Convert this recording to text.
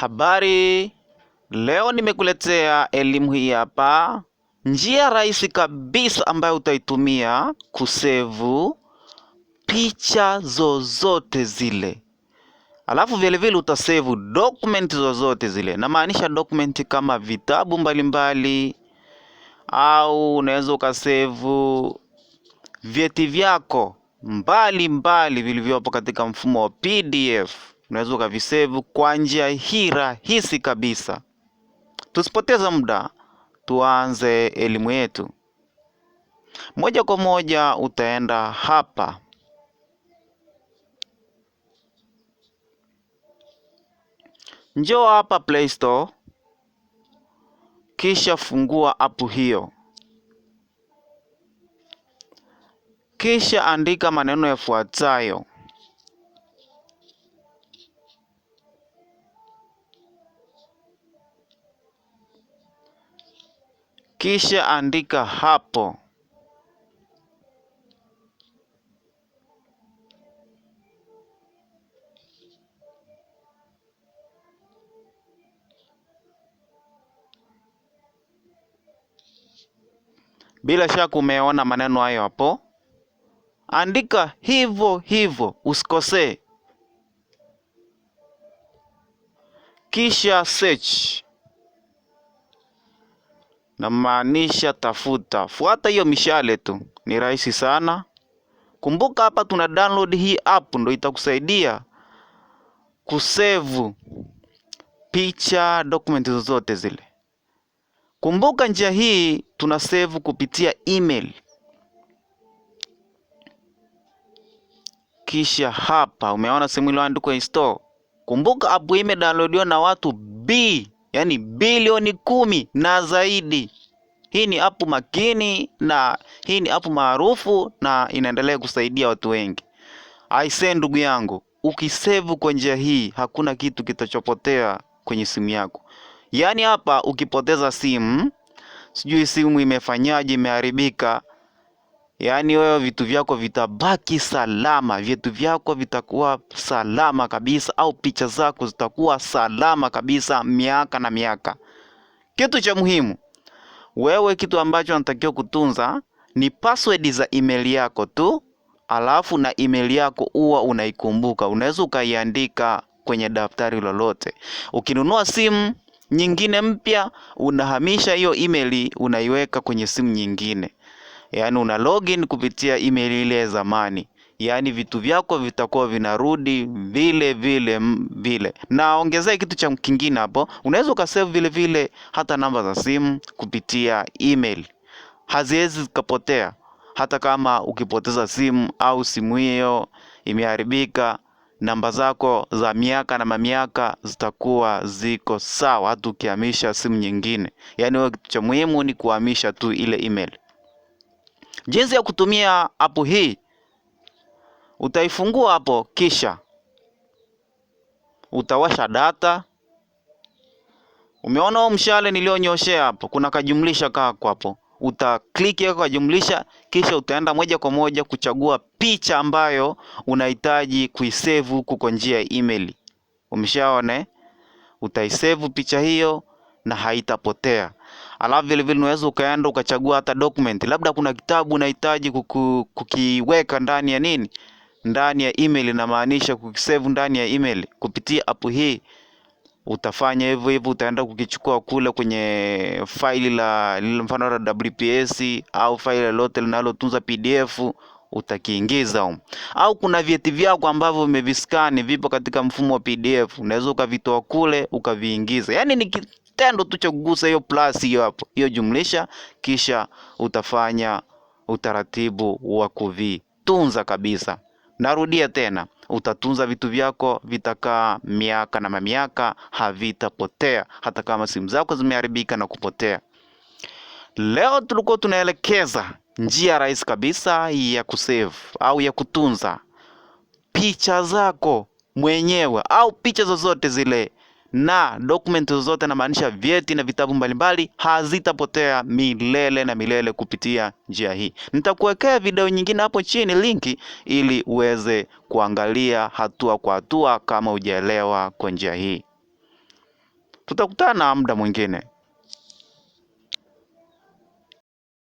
Habari, leo nimekuletea elimu hii hapa, njia rahisi kabisa ambayo utaitumia kusevu picha zozote zile, alafu vilevile utasevu dokumenti zozote zile. Namaanisha dokumenti kama vitabu mbalimbali mbali, au unaweza ukasevu vyeti vyako mbalimbali vilivyopo katika mfumo wa PDF unaweza ukavisave kwa njia hii rahisi kabisa. Tusipoteze muda, tuanze elimu yetu. Moja kwa moja utaenda hapa Njoo hapa Play Store, kisha fungua app hiyo, kisha andika maneno yafuatayo: Kisha andika hapo. Bila shaka umeona maneno hayo hapo. Andika hivyo hivyo, usikosee. Kisha search namaanisha tafuta. Fuata hiyo mishale tu, ni rahisi sana. Kumbuka hapa tuna download hii app, ndo itakusaidia kusevu picha, dokumenti zozote zile. Kumbuka njia hii tuna save kupitia email. Kisha hapa umeona sehemu iliyoandikwa install. Kumbuka app imedownloadiwa na watu b yaani bilioni kumi na zaidi. Hii ni apu makini na hii ni apu maarufu na inaendelea kusaidia watu wengi. Aisee, ndugu yangu, ukisevu kwa njia hii hakuna kitu kitachopotea kwenye simu yako. Yaani hapa ukipoteza simu, sijui simu imefanyaje, imeharibika, Yaani wewe vitu vyako vitabaki salama, vitu vyako vitakuwa salama kabisa, au picha zako zitakuwa salama kabisa miaka na miaka. Kitu cha muhimu, wewe kitu ambacho unatakiwa kutunza ni password za email yako tu, alafu na email yako huwa unaikumbuka. Unaweza ukaiandika kwenye daftari lolote. Ukinunua simu nyingine mpya, unahamisha hiyo email, unaiweka kwenye simu nyingine yaani una login kupitia email ile ya zamani yaani vitu vyako vitakuwa vinarudi vile vile vile na ongezea kitu cha kingine hapo unaweza ukasave vile vile hata namba za simu kupitia email haziwezi zikapotea hata kama ukipoteza simu au simu hiyo imeharibika namba zako za miaka na mamiaka zitakuwa ziko sawa hata ukihamisha simu nyingine yaani wewe kitu cha muhimu ni kuhamisha tu ile email Jinsi ya kutumia app hii, utaifungua hapo, kisha utawasha data. Umeona mshale nilionyoshea hapo, kuna kajumlisha kako hapo, utakliki hapo kajumlisha, kisha utaenda moja kwa moja kuchagua picha ambayo unahitaji kuisevu kuko njia ya email. Umeshaona, eh? utaisevu picha hiyo na haitapotea alafu vile vile unaweza ukaenda ukachagua hata document, labda kuna kitabu unahitaji kukiweka ndani ya nini, ndani ya email, inamaanisha kukisave ndani ya email kupitia app hii. Utafanya hivyo hivyo, utaenda kukichukua kule kwenye faili la mfano la WPS au faili lolote linalotunza PDF utakiingiza huko. Au kuna vyeti vyako ambavyo umeviskani vipo katika mfumo wa PDF, unaweza ukavitoa kule ukaviingiza. Yaani ni kitendo tu cha kugusa hiyo plus hiyo hapo hiyo jumlisha, kisha utafanya utaratibu wa kuvitunza kabisa. Narudia tena, utatunza vitu vyako, vitakaa miaka na mamiaka, havitapotea hata kama simu zako zimeharibika na kupotea. Leo tulikuwa tunaelekeza njia rahisi kabisa ya kusave au ya kutunza picha zako mwenyewe au picha zozote zile na dokumenti zozote, namaanisha vyeti na vitabu mbalimbali, hazitapotea milele na milele kupitia njia hii. Nitakuwekea video nyingine hapo chini linki, ili uweze kuangalia hatua kwa hatua, kama hujaelewa kwa njia hii. Tutakutana muda mwingine.